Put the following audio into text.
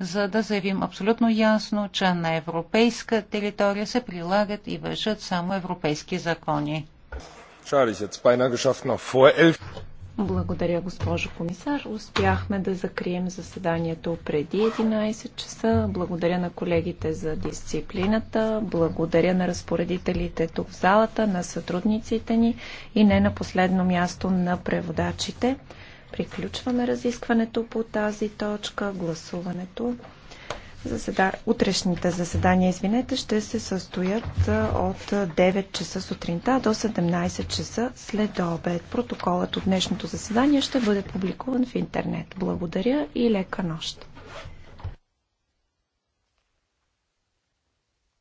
за да заявим абсолютно ясно, че на европейска територия се прилагат и вършат само европейски закони. Благодаря, госпожо комисар. Успяхме да закрием заседанието преди 11 часа. Благодаря на колегите за дисциплината. Благодаря на разпоредителите тук в залата, на сътрудниците ни и не на последно място на преводачите. Приключваме разискването по тази точка. Гласуването. Заседа... Утрешните заседания, извинете, ще се състоят от 9 часа сутринта до 17 часа след обед. Протоколът от днешното заседание ще бъде публикуван в интернет. Благодаря и лека нощ!